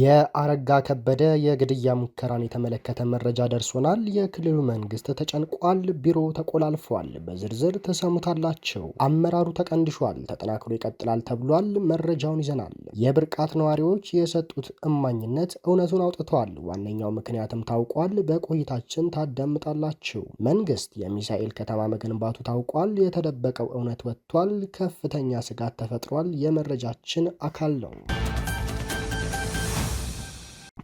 የአረጋ ከበደ የግድያ ሙከራን የተመለከተ መረጃ ደርሶናል። የክልሉ መንግስት ተጨንቋል፣ ቢሮ ተቆላልፏል። በዝርዝር ተሰሙታላቸው። አመራሩ ተቀንድሿል፣ ተጠናክሮ ይቀጥላል ተብሏል። መረጃውን ይዘናል። የብርቃት ነዋሪዎች የሰጡት እማኝነት እውነቱን አውጥተዋል። ዋነኛው ምክንያትም ታውቋል። በቆይታችን ታዳምጣላችሁ። መንግስት የሚሳኤል ከተማ መገንባቱ ታውቋል። የተደበቀው እውነት ወጥቷል። ከፍተኛ ስጋት ተፈጥሯል። የመረጃችን አካል ነው።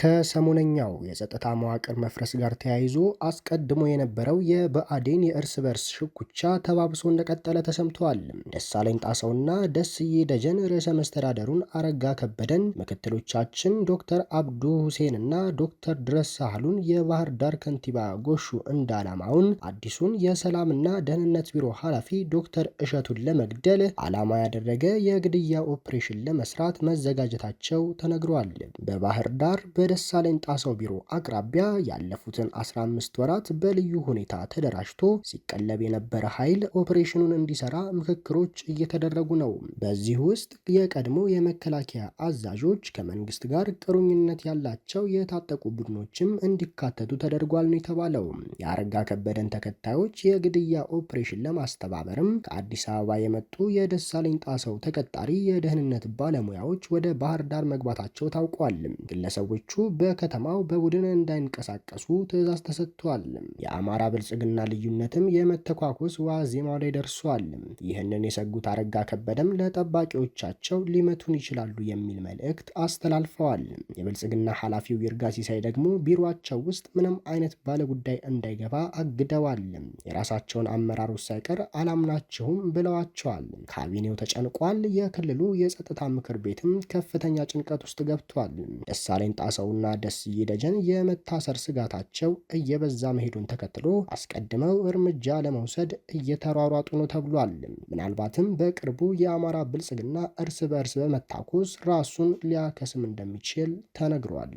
ከሰሞነኛው የጸጥታ መዋቅር መፍረስ ጋር ተያይዞ አስቀድሞ የነበረው የብአዴን የእርስ በርስ ሽኩቻ ተባብሶ እንደቀጠለ ተሰምተዋል። ደሳለኝ ጣሰውና ደስዬ ደጀን ርዕሰ መስተዳደሩን አረጋ ከበደን፣ ምክትሎቻችን ዶክተር አብዱ ሁሴንና ዶክተር ድረስ ሳህሉን፣ የባህር ዳር ከንቲባ ጎሹ እንዳላማውን፣ አዲሱን የሰላምና ደህንነት ቢሮ ኃላፊ ዶክተር እሸቱን ለመግደል ዓላማ ያደረገ የግድያ ኦፕሬሽን ለመስራት መዘጋጀታቸው ተነግሯል። በባህር ዳር በደሳለኝ ጣሰው ቢሮ አቅራቢያ ያለፉትን 15 ወራት በልዩ ሁኔታ ተደራጅቶ ሲቀለብ የነበረ ኃይል ኦፕሬሽኑን እንዲሰራ ምክክሮች እየተደረጉ ነው። በዚህ ውስጥ የቀድሞ የመከላከያ አዛዦች ከመንግስት ጋር ቅሩኝነት ያላቸው የታጠቁ ቡድኖችም እንዲካተቱ ተደርጓል ነው የተባለው። የአረጋ ከበደን ተከታዮች የግድያ ኦፕሬሽን ለማስተባበርም ከአዲስ አበባ የመጡ የደሳለኝ ጣሰው ተቀጣሪ የደህንነት ባለሙያዎች ወደ ባህር ዳር መግባታቸው ታውቋል። ግለሰቦቹ በከተማው በቡድን እንዳይንቀሳቀሱ ትዕዛዝ ተሰጥቷል። የአማራ ብልጽግና ልዩነትም የመተኳኮስ ዋዜማው ላይ ደርሷል። ይህንን የሰጉት አረጋ ከበደም ለጠባቂዎቻቸው ሊመቱን ይችላሉ የሚል መልእክት አስተላልፈዋል። የብልጽግና ኃላፊው ይርጋ ሲሳይ ደግሞ ቢሮቸው ውስጥ ምንም አይነት ባለጉዳይ እንዳይገባ አግደዋል። የራሳቸውን አመራሮች ሳይቀር አላምናችሁም ብለዋቸዋል። ካቢኔው ተጨንቋል። የክልሉ የጸጥታ ምክር ቤትም ከፍተኛ ጭንቀት ውስጥ ገብቷል። ደሳለኝ ጣሰው ሰውና ደስዬ ደጀን የመታሰር ስጋታቸው እየበዛ መሄዱን ተከትሎ አስቀድመው እርምጃ ለመውሰድ እየተሯሯጡ ነው ተብሏል። ምናልባትም በቅርቡ የአማራ ብልጽግና እርስ በእርስ በመታኮስ ራሱን ሊያከስም እንደሚችል ተነግሯል።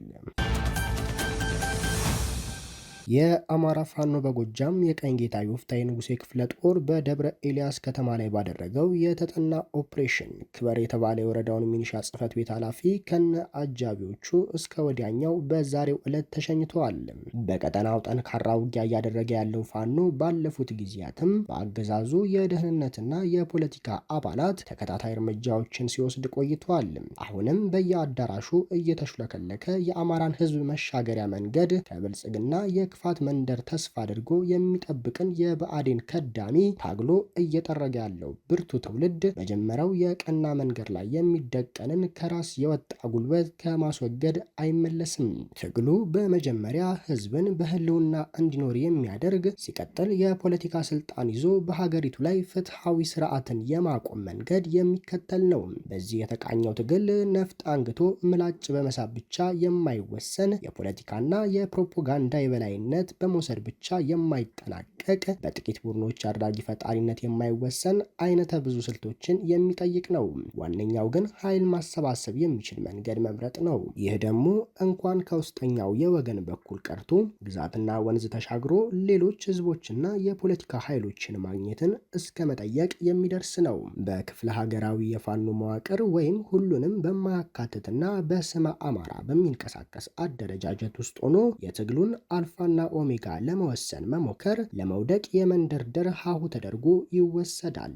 የአማራ ፋኖ በጎጃም የቀኝ ጌታ ዮፍታይ ንጉሴ ክፍለ ጦር በደብረ ኤልያስ ከተማ ላይ ባደረገው የተጠና ኦፕሬሽን ክበር የተባለ የወረዳውን ሚኒሻ ጽህፈት ቤት ኃላፊ ከነ አጃቢዎቹ እስከ ወዲያኛው በዛሬው ዕለት ተሸኝተዋል። በቀጠናው ጠንካራ ውጊያ እያደረገ ያለው ፋኖ ባለፉት ጊዜያትም በአገዛዙ የደህንነትና የፖለቲካ አባላት ተከታታይ እርምጃዎችን ሲወስድ ቆይቷል። አሁንም በየአዳራሹ እየተሽለከለከ የአማራን ህዝብ መሻገሪያ መንገድ ከብልጽግና የክፋት መንደር ተስፋ አድርጎ የሚጠብቅን የብአዴን ከዳሚ ታግሎ እየጠረገ ያለው ብርቱ ትውልድ መጀመሪያው የቀና መንገድ ላይ የሚደቀንን ከራስ የወጣ ጉልበት ከማስወገድ አይመለስም። ትግሉ በመጀመሪያ ህዝብን በህልውና እንዲኖር የሚያደርግ ሲቀጥል የፖለቲካ ስልጣን ይዞ በሀገሪቱ ላይ ፍትሐዊ ስርዓትን የማቆም መንገድ የሚከተል ነው። በዚህ የተቃኘው ትግል ነፍጥ አንግቶ ምላጭ በመሳብ ብቻ የማይወሰን የፖለቲካና የፕሮፓጋንዳ የበላይ ፈጣሪነት በመውሰድ ብቻ የማይጠናቀቅ በጥቂት ቡድኖች አድራጊ ፈጣሪነት የማይወሰን አይነተ ብዙ ስልቶችን የሚጠይቅ ነው። ዋነኛው ግን ኃይል ማሰባሰብ የሚችል መንገድ መምረጥ ነው። ይህ ደግሞ እንኳን ከውስጠኛው የወገን በኩል ቀርቶ ግዛትና ወንዝ ተሻግሮ ሌሎች ህዝቦችና የፖለቲካ ኃይሎችን ማግኘትን እስከ መጠየቅ የሚደርስ ነው። በክፍለ ሀገራዊ የፋኖ መዋቅር ወይም ሁሉንም በማያካትትና በስመ አማራ በሚንቀሳቀስ አደረጃጀት ውስጥ ሆኖ የትግሉን አልፋ አልፋና ኦሜጋ ለመወሰን መሞከር ለመውደቅ የመንደርደር ሀሁ ተደርጎ ይወሰዳል።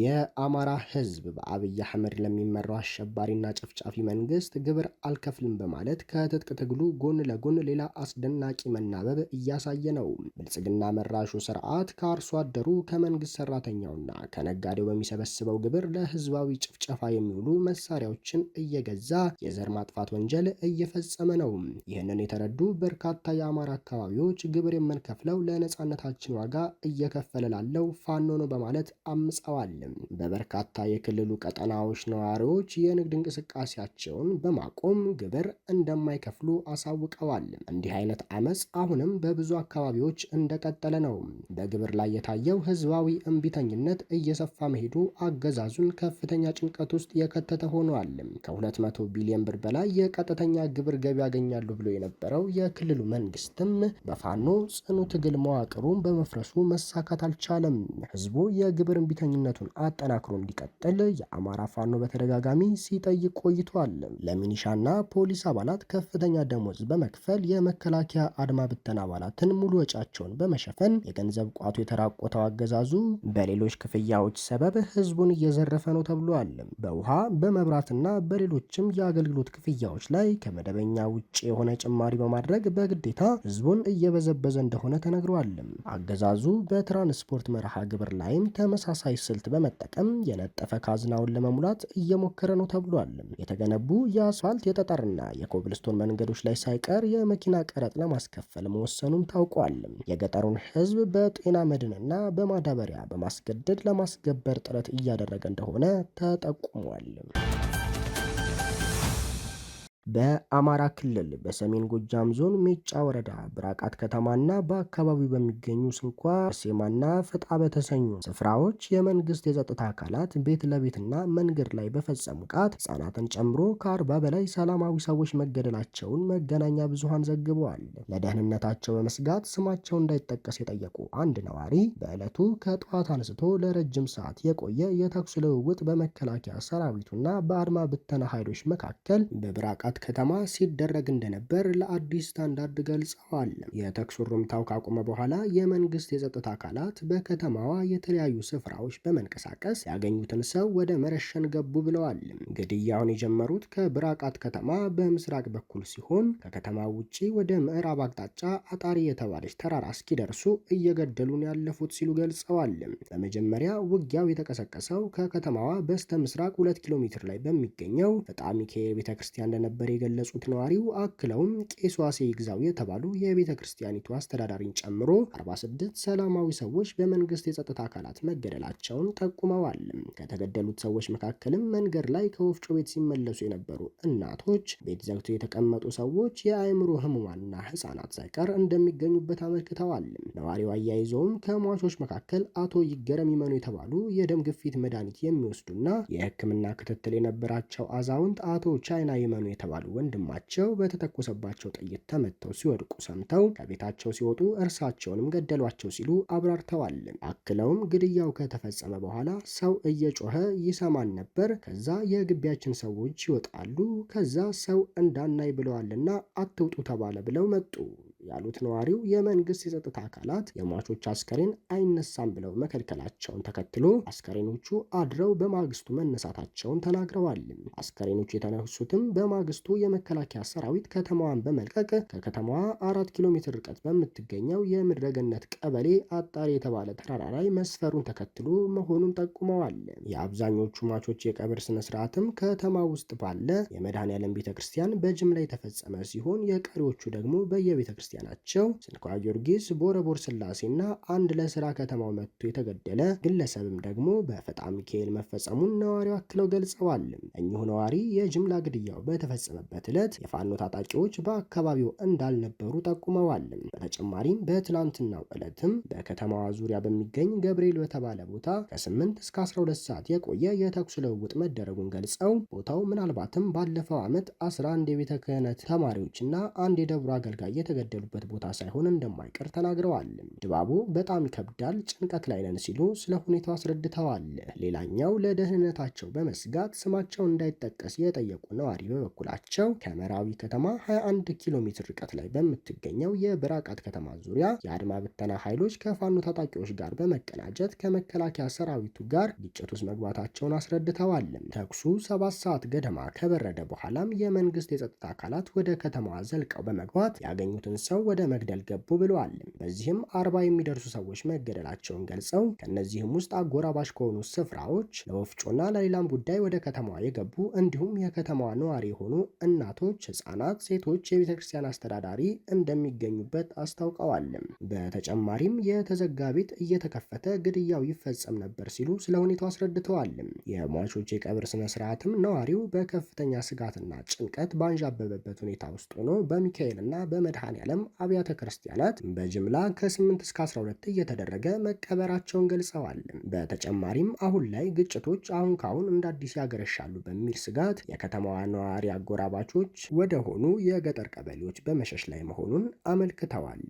የአማራ ሕዝብ በአብይ አህመድ ለሚመራው አሸባሪና ጨፍጫፊ መንግስት ግብር አልከፍልም በማለት ከትጥቅ ትግሉ ጎን ለጎን ሌላ አስደናቂ መናበብ እያሳየ ነው። ብልጽግና መራሹ ስርዓት ከአርሶ አደሩ ከመንግስት ሰራተኛውና ከነጋዴው በሚሰበስበው ግብር ለህዝባዊ ጭፍጨፋ የሚውሉ መሳሪያዎችን እየገዛ የዘር ማጥፋት ወንጀል እየፈጸመ ነው። ይህንን የተረዱ በርካታ የአማራ አካባቢዎች ግብር የምንከፍለው ለነጻነታችን ዋጋ እየከፈለ ላለው ፋኖ ነው በማለት አምጸዋል። በበርካታ የክልሉ ቀጠናዎች ነዋሪዎች የንግድ እንቅስቃሴያቸውን በማቆም ግብር እንደማይከፍሉ አሳውቀዋል። እንዲህ አይነት አመፅ አሁንም በብዙ አካባቢዎች እንደቀጠለ ነው። በግብር ላይ የታየው ህዝባዊ እምቢተኝነት እየሰፋ መሄዱ አገዛዙን ከፍተኛ ጭንቀት ውስጥ የከተተ ሆኗል። ከ200 ቢሊዮን ብር በላይ የቀጥተኛ ግብር ገቢ ያገኛሉ ብሎ የነበረው የክልሉ መንግስትም በፋኖ ጽኑ ትግል መዋቅሩን በመፍረሱ መሳካት አልቻለም። ህዝቡ የግብር እምቢተኝነቱን መዋጋቱን አጠናክሮ እንዲቀጥል የአማራ ፋኖ በተደጋጋሚ ሲጠይቅ ቆይቷል። ለሚኒሻና ፖሊስ አባላት ከፍተኛ ደሞዝ በመክፈል የመከላከያ አድማ ብተና አባላትን ሙሉ ወጫቸውን በመሸፈን የገንዘብ ቋቱ የተራቆተው አገዛዙ በሌሎች ክፍያዎች ሰበብ ህዝቡን እየዘረፈ ነው ተብሏል። በውሃ በመብራትና በሌሎችም የአገልግሎት ክፍያዎች ላይ ከመደበኛ ውጭ የሆነ ጭማሪ በማድረግ በግዴታ ህዝቡን እየበዘበዘ እንደሆነ ተነግሯል። አገዛዙ በትራንስፖርት መርሃ ግብር ላይም ተመሳሳይ ስልት በመጠቀም የነጠፈ ካዝናውን ለመሙላት እየሞከረ ነው ተብሏል። የተገነቡ የአስፋልት የጠጠርና የኮብልስቶን መንገዶች ላይ ሳይቀር የመኪና ቀረጥ ለማስከፈል መወሰኑም ታውቋል። የገጠሩን ህዝብ በጤና መድንና በማዳበሪያ በማስገደድ ለማስገበር ጥረት እያደረገ እንደሆነ ተጠቁሟል። በአማራ ክልል በሰሜን ጎጃም ዞን ሜጫ ወረዳ ብራቃት ከተማና በአካባቢው በሚገኙ ስንኳ ሴማና ፍጣ በተሰኙ ስፍራዎች የመንግስት የጸጥታ አካላት ቤት ለቤትና መንገድ ላይ በፈጸሙ ጥቃት ህጻናትን ጨምሮ ከአርባ በላይ ሰላማዊ ሰዎች መገደላቸውን መገናኛ ብዙሃን ዘግበዋል። ለደህንነታቸው በመስጋት ስማቸው እንዳይጠቀስ የጠየቁ አንድ ነዋሪ በዕለቱ ከጠዋት አንስቶ ለረጅም ሰዓት የቆየ የተኩስ ልውውጥ በመከላከያ ሰራዊቱና በአድማ ብተና ኃይሎች መካከል በብራቃት ከተማ ሲደረግ እንደነበር ለአዲስ ስታንዳርድ ገልጸዋል። የተኩስ ሩምታው ካቆመ በኋላ የመንግስት የጸጥታ አካላት በከተማዋ የተለያዩ ስፍራዎች በመንቀሳቀስ ያገኙትን ሰው ወደ መረሸን ገቡ ብለዋል። ግድያውን የጀመሩት ከብራቃት ከተማ በምስራቅ በኩል ሲሆን ከከተማ ውጪ ወደ ምዕራብ አቅጣጫ አጣሪ የተባለች ተራራ እስኪደርሱ እየገደሉን ያለፉት ሲሉ ገልጸዋል። በመጀመሪያ ውጊያው የተቀሰቀሰው ከከተማዋ በስተ ምስራቅ ሁለት ኪሎ ሜትር ላይ በሚገኘው በጣም ሚካኤል ቤተ ክርስቲያን እንደነበር እንደነበር የገለጹት ነዋሪው አክለውም ቄስ ዋሴ ይግዛው የተባሉ የቤተ ክርስቲያኒቱ አስተዳዳሪን ጨምሮ 46 ሰላማዊ ሰዎች በመንግስት የጸጥታ አካላት መገደላቸውን ጠቁመዋል። ከተገደሉት ሰዎች መካከልም መንገድ ላይ ከወፍጮ ቤት ሲመለሱ የነበሩ እናቶች፣ ቤት ዘግቶ የተቀመጡ ሰዎች፣ የአእምሮ ህሙማንና ህጻናት ሳይቀር እንደሚገኙበት አመልክተዋል። ነዋሪው አያይዘውም ከሟቾች መካከል አቶ ይገረም ይመኑ የተባሉ የደም ግፊት መድኃኒት የሚወስዱና የህክምና ክትትል የነበራቸው አዛውንት አቶ ቻይና ይመኑ የተባሉ የተባሉ ወንድማቸው በተተኮሰባቸው ጥይት ተመተው ሲወድቁ ሰምተው ከቤታቸው ሲወጡ እርሳቸውንም ገደሏቸው ሲሉ አብራርተዋል። አክለውም ግድያው ከተፈጸመ በኋላ ሰው እየጮኸ ይሰማን ነበር። ከዛ የግቢያችን ሰዎች ይወጣሉ። ከዛ ሰው እንዳናይ ብለዋልና አትውጡ ተባለ ብለው መጡ። ያሉት ነዋሪው የመንግስት የጸጥታ አካላት የሟቾች አስከሬን አይነሳም ብለው መከልከላቸውን ተከትሎ አስከሬኖቹ አድረው በማግስቱ መነሳታቸውን ተናግረዋል። አስከሬኖቹ የተነሱትም በማግስቱ የመከላከያ ሰራዊት ከተማዋን በመልቀቅ ከከተማዋ አራት ኪሎ ሜትር ርቀት በምትገኘው የምድረገነት ቀበሌ አጣሪ የተባለ ተራራ ላይ መስፈሩን ተከትሎ መሆኑን ጠቁመዋል። የአብዛኞቹ ሟቾች የቀብር ስነስርዓትም ከተማ ውስጥ ባለ የመድኃኔ ዓለም ቤተ ክርስቲያን በጅምላ የተፈጸመ ሲሆን የቀሪዎቹ ደግሞ በየቤተ ክርስቲያን ናቸው። ስልኳ ጊዮርጊስ ቦረቦር ስላሴና አንድ ለስራ ከተማው መጥቶ የተገደለ ግለሰብም ደግሞ በፈጣ ሚካኤል መፈጸሙን ነዋሪው አክለው ገልጸዋል። እኚሁ ነዋሪ የጅምላ ግድያው በተፈጸመበት ዕለት የፋኖ ታጣቂዎች በአካባቢው እንዳልነበሩ ጠቁመዋል። በተጨማሪም በትላንትናው ዕለትም በከተማዋ ዙሪያ በሚገኝ ገብርኤል በተባለ ቦታ ከ8 እስከ 12 ሰዓት የቆየ የተኩስ ልውውጥ መደረጉን ገልጸው ቦታው ምናልባትም ባለፈው ዓመት 11 የቤተ ክህነት ተማሪዎችና አንድ የደብሩ አገልጋይ የተገደ የሚገደሉበት ቦታ ሳይሆን እንደማይቀር ተናግረዋል። ድባቡ በጣም ይከብዳል፣ ጭንቀት ላይ ነን ሲሉ ስለ ሁኔታው አስረድተዋል። ሌላኛው ለደህንነታቸው በመስጋት ስማቸው እንዳይጠቀስ የጠየቁ ነዋሪ በበኩላቸው ከመራዊ ከተማ 21 ኪሎ ሜትር ርቀት ላይ በምትገኘው የብራቃት ከተማ ዙሪያ የአድማ ብተና ኃይሎች ከፋኖ ታጣቂዎች ጋር በመቀናጀት ከመከላከያ ሰራዊቱ ጋር ግጭት ውስጥ መግባታቸውን አስረድተዋል። ተኩሱ ሰባት ሰዓት ገደማ ከበረደ በኋላም የመንግስት የጸጥታ አካላት ወደ ከተማዋ ዘልቀው በመግባት ያገኙትን ሰው ወደ መግደል ገቡ ብለዋል። በዚህም አርባ የሚደርሱ ሰዎች መገደላቸውን ገልጸው ከእነዚህም ውስጥ አጎራባሽ ከሆኑ ስፍራዎች ለወፍጮና ለሌላም ጉዳይ ወደ ከተማዋ የገቡ እንዲሁም የከተማዋ ነዋሪ የሆኑ እናቶች፣ ህጻናት፣ ሴቶች፣ የቤተ ክርስቲያን አስተዳዳሪ እንደሚገኙበት አስታውቀዋል። በተጨማሪም የተዘጋ ቤት እየተከፈተ ግድያው ይፈጸም ነበር ሲሉ ስለ ሁኔታው አስረድተዋል። የሟቾች የቀብር ስነ ስርዓትም ነዋሪው በከፍተኛ ስጋትና ጭንቀት ባንዣበበበት ሁኔታ ውስጥ ሆኖ በሚካኤልና ያለ። በመጠቀም አብያተ ክርስቲያናት በጅምላ ከ8 እስከ 12 እየተደረገ መቀበራቸውን ገልጸዋል። በተጨማሪም አሁን ላይ ግጭቶች አሁን ካሁን እንደ አዲስ ያገረሻሉ በሚል ስጋት የከተማዋ ነዋሪ አጎራባቾች ወደ ሆኑ የገጠር ቀበሌዎች በመሸሽ ላይ መሆኑን አመልክተዋል።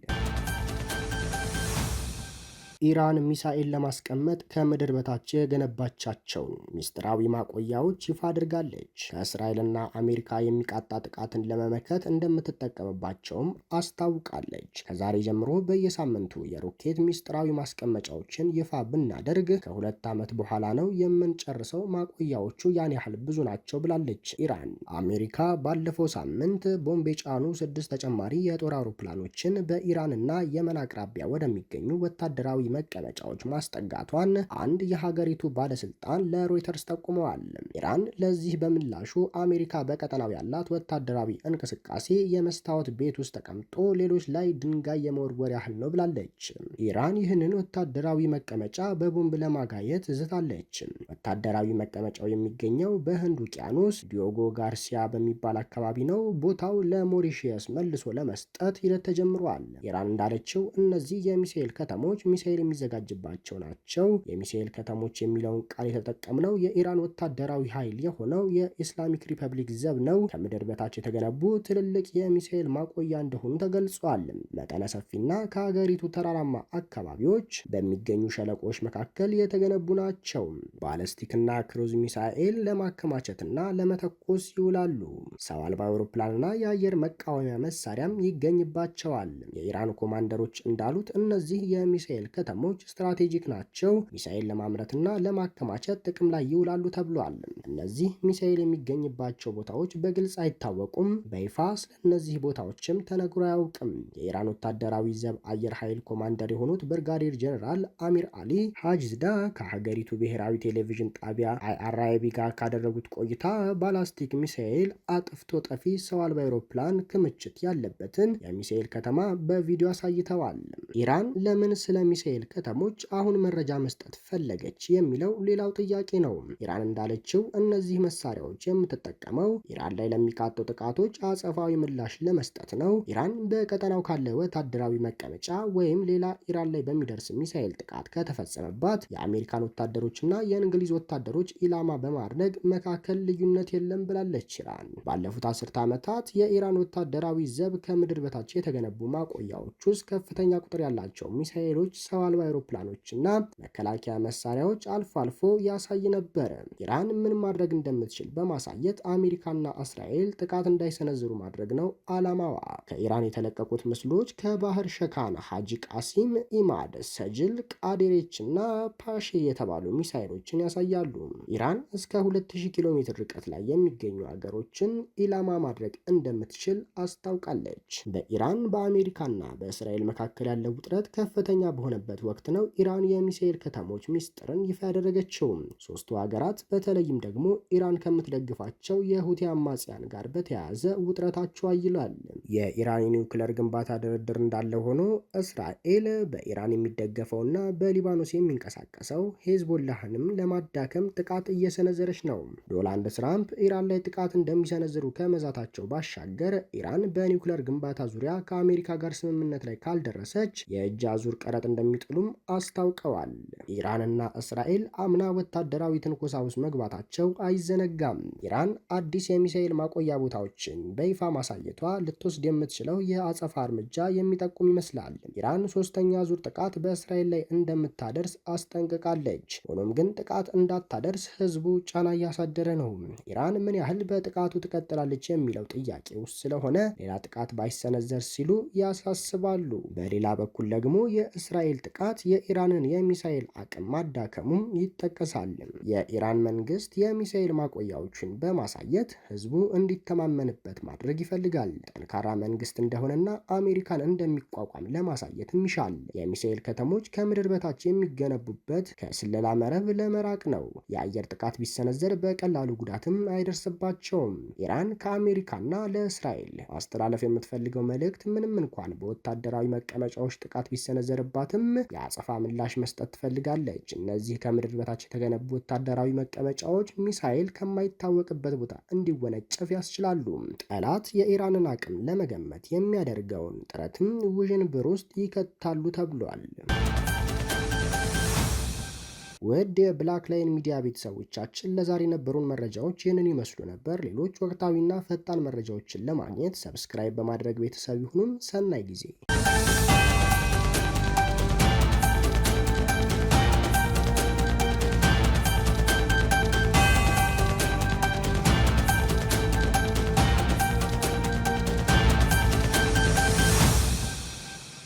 ኢራን ሚሳኤል ለማስቀመጥ ከምድር በታች የገነባቻቸውን ሚስጥራዊ ማቆያዎች ይፋ አድርጋለች። ከእስራኤልና አሜሪካ የሚቃጣ ጥቃትን ለመመከት እንደምትጠቀምባቸውም አስታውቃለች። ከዛሬ ጀምሮ በየሳምንቱ የሮኬት ሚስጥራዊ ማስቀመጫዎችን ይፋ ብናደርግ ከሁለት ዓመት በኋላ ነው የምንጨርሰው። ማቆያዎቹ ያን ያህል ብዙ ናቸው ብላለች ኢራን። አሜሪካ ባለፈው ሳምንት ቦምብ የጫኑ ስድስት ተጨማሪ የጦር አውሮፕላኖችን በኢራንና የመን አቅራቢያ ወደሚገኙ ወታደራዊ መቀመጫዎች ማስጠጋቷን አንድ የሀገሪቱ ባለስልጣን ለሮይተርስ ጠቁመዋል። ኢራን ለዚህ በምላሹ አሜሪካ በቀጠናው ያላት ወታደራዊ እንቅስቃሴ የመስታወት ቤት ውስጥ ተቀምጦ ሌሎች ላይ ድንጋይ የመወርወር ያህል ነው ብላለች። ኢራን ይህንን ወታደራዊ መቀመጫ በቦምብ ለማጋየት ዝታለች። ወታደራዊ መቀመጫው የሚገኘው በህንድ ውቅያኖስ ዲዮጎ ጋርሲያ በሚባል አካባቢ ነው። ቦታው ለሞሪሺየስ መልሶ ለመስጠት ሂደት ተጀምሯል። ኢራን እንዳለችው እነዚህ የሚሳኤል ከተሞች ሚሳኤል ሚሳኤል የሚዘጋጅባቸው ናቸው። የሚሳኤል ከተሞች የሚለውን ቃል የተጠቀምነው የኢራን ወታደራዊ ኃይል የሆነው የኢስላሚክ ሪፐብሊክ ዘብ ነው። ከምድር በታች የተገነቡ ትልልቅ የሚሳኤል ማቆያ እንደሆኑ ተገልጿል። መጠነ ሰፊና ከሀገሪቱ ተራራማ አካባቢዎች በሚገኙ ሸለቆዎች መካከል የተገነቡ ናቸው። ባለስቲክና ክሩዝ ሚሳኤል ለማከማቸትና ለመተኮስ ይውላሉ። ሰው አልባ አውሮፕላንና የአየር መቃወሚያ መሳሪያም ይገኝባቸዋል። የኢራን ኮማንደሮች እንዳሉት እነዚህ የሚሳኤል ከተሞች ስትራቴጂክ ናቸው፣ ሚሳኤል ለማምረትና ለማከማቸት ጥቅም ላይ ይውላሉ ተብሏል። እነዚህ ሚሳኤል የሚገኝባቸው ቦታዎች በግልጽ አይታወቁም። በይፋ ስለ እነዚህ ቦታዎችም ተነግሮ አያውቅም። የኢራን ወታደራዊ ዘብ አየር ኃይል ኮማንደር የሆኑት ብርጋዴር ጀኔራል አሚር አሊ ሀጅዝዳ ከሀገሪቱ ብሔራዊ ቴሌቪዥን ጣቢያ አይአርአይቢ ጋር ካደረጉት ቆይታ ባላስቲክ ሚሳኤል አጥፍቶ ጠፊ ሰው አልባ አውሮፕላን ክምችት ያለበትን የሚሳኤል ከተማ በቪዲዮ አሳይተዋል። ኢራን ለምን ስለ ሚሳኤል የእስራኤል ከተሞች አሁን መረጃ መስጠት ፈለገች የሚለው ሌላው ጥያቄ ነው። ኢራን እንዳለችው እነዚህ መሳሪያዎች የምትጠቀመው ኢራን ላይ ለሚቃጡ ጥቃቶች አጸፋዊ ምላሽ ለመስጠት ነው። ኢራን በቀጠናው ካለ ወታደራዊ መቀመጫ ወይም ሌላ ኢራን ላይ በሚደርስ ሚሳኤል ጥቃት ከተፈጸመባት የአሜሪካን ወታደሮችና የእንግሊዝ ወታደሮች ኢላማ በማድረግ መካከል ልዩነት የለም ብላለች። ኢራን ባለፉት አስርተ ዓመታት የኢራን ወታደራዊ ዘብ ከምድር በታች የተገነቡ ማቆያዎች ውስጥ ከፍተኛ ቁጥር ያላቸው ሚሳኤሎች ሰው አልባ አውሮፕላኖችና መከላከያ መሳሪያዎች አልፎ አልፎ ያሳይ ነበረ። ኢራን ምን ማድረግ እንደምትችል በማሳየት አሜሪካና እስራኤል ጥቃት እንዳይሰነዝሩ ማድረግ ነው አላማዋ። ከኢራን የተለቀቁት ምስሎች ከባህር ሸካን፣ ሐጂ ቃሲም፣ ኢማድ፣ ሰጅል፣ ቃዴሬች እና ፓሼ የተባሉ ሚሳይሎችን ያሳያሉ። ኢራን እስከ 2000 ኪሎ ሜትር ርቀት ላይ የሚገኙ ሀገሮችን ኢላማ ማድረግ እንደምትችል አስታውቃለች። በኢራን በአሜሪካና በእስራኤል መካከል ያለው ውጥረት ከፍተኛ በሆነበት በነበረበት ወቅት ነው ኢራን የሚሳኤል ከተሞች ሚስጥርን ይፋ ያደረገችው። ሶስቱ ሀገራት በተለይም ደግሞ ኢራን ከምትደግፋቸው የሁቲ አማጽያን ጋር በተያያዘ ውጥረታቸው አይሏል። የኢራን የኒውክለር ግንባታ ድርድር እንዳለ ሆኖ እስራኤል በኢራን የሚደገፈውና በሊባኖስ የሚንቀሳቀሰው ሄዝቦላህንም ለማዳከም ጥቃት እየሰነዘረች ነው። ዶናልድ ትራምፕ ኢራን ላይ ጥቃት እንደሚሰነዝሩ ከመዛታቸው ባሻገር ኢራን በኒውክለር ግንባታ ዙሪያ ከአሜሪካ ጋር ስምምነት ላይ ካልደረሰች የእጅ አዙር ቀረጥ እንደሚጥ እንደሚቀጥሉም አስታውቀዋል። ኢራንና እስራኤል አምና ወታደራዊ ትንኮሳ ውስጥ መግባታቸው አይዘነጋም። ኢራን አዲስ የሚሳኤል ማቆያ ቦታዎችን በይፋ ማሳየቷ ልትወስድ የምትችለው የአጸፋ እርምጃ የሚጠቁም ይመስላል። ኢራን ሶስተኛ ዙር ጥቃት በእስራኤል ላይ እንደምታደርስ አስጠንቅቃለች። ሆኖም ግን ጥቃት እንዳታደርስ ህዝቡ ጫና እያሳደረ ነው። ኢራን ምን ያህል በጥቃቱ ትቀጥላለች የሚለው ጥያቄ ውስጥ ስለሆነ ሌላ ጥቃት ባይሰነዘር ሲሉ ያሳስባሉ። በሌላ በኩል ደግሞ የእስራኤል ጥቃት የኢራንን የሚሳኤል አቅም ማዳከሙም ይጠቀሳል። የኢራን መንግስት የሚሳኤል ማቆያዎችን በማሳየት ህዝቡ እንዲተማመንበት ማድረግ ይፈልጋል። ጠንካራ መንግስት እንደሆነና አሜሪካን እንደሚቋቋም ለማሳየትም ይሻል። የሚሳኤል ከተሞች ከምድር በታች የሚገነቡበት ከስለላ መረብ ለመራቅ ነው። የአየር ጥቃት ቢሰነዘር በቀላሉ ጉዳትም አይደርስባቸውም። ኢራን ከአሜሪካና ለእስራኤል ማስተላለፍ የምትፈልገው መልእክት ምንም እንኳን በወታደራዊ መቀመጫዎች ጥቃት ቢሰነዘርባትም የአጸፋ ምላሽ መስጠት ትፈልጋለች። እነዚህ ከምድር በታች የተገነቡ ወታደራዊ መቀመጫዎች ሚሳይል ከማይታወቅበት ቦታ እንዲወነጨፍ ያስችላሉ። ጠላት የኢራንን አቅም ለመገመት የሚያደርገውን ጥረትም ውዥንብር ውስጥ ይከታሉ ተብሏል። ውድ የብላክ ላይን ሚዲያ ቤተሰቦቻችን ለዛሬ የነበሩን መረጃዎች ይህንን ይመስሉ ነበር። ሌሎች ወቅታዊና ፈጣን መረጃዎችን ለማግኘት ሰብስክራይብ በማድረግ ቤተሰብ ይሁኑም። ሰናይ ጊዜ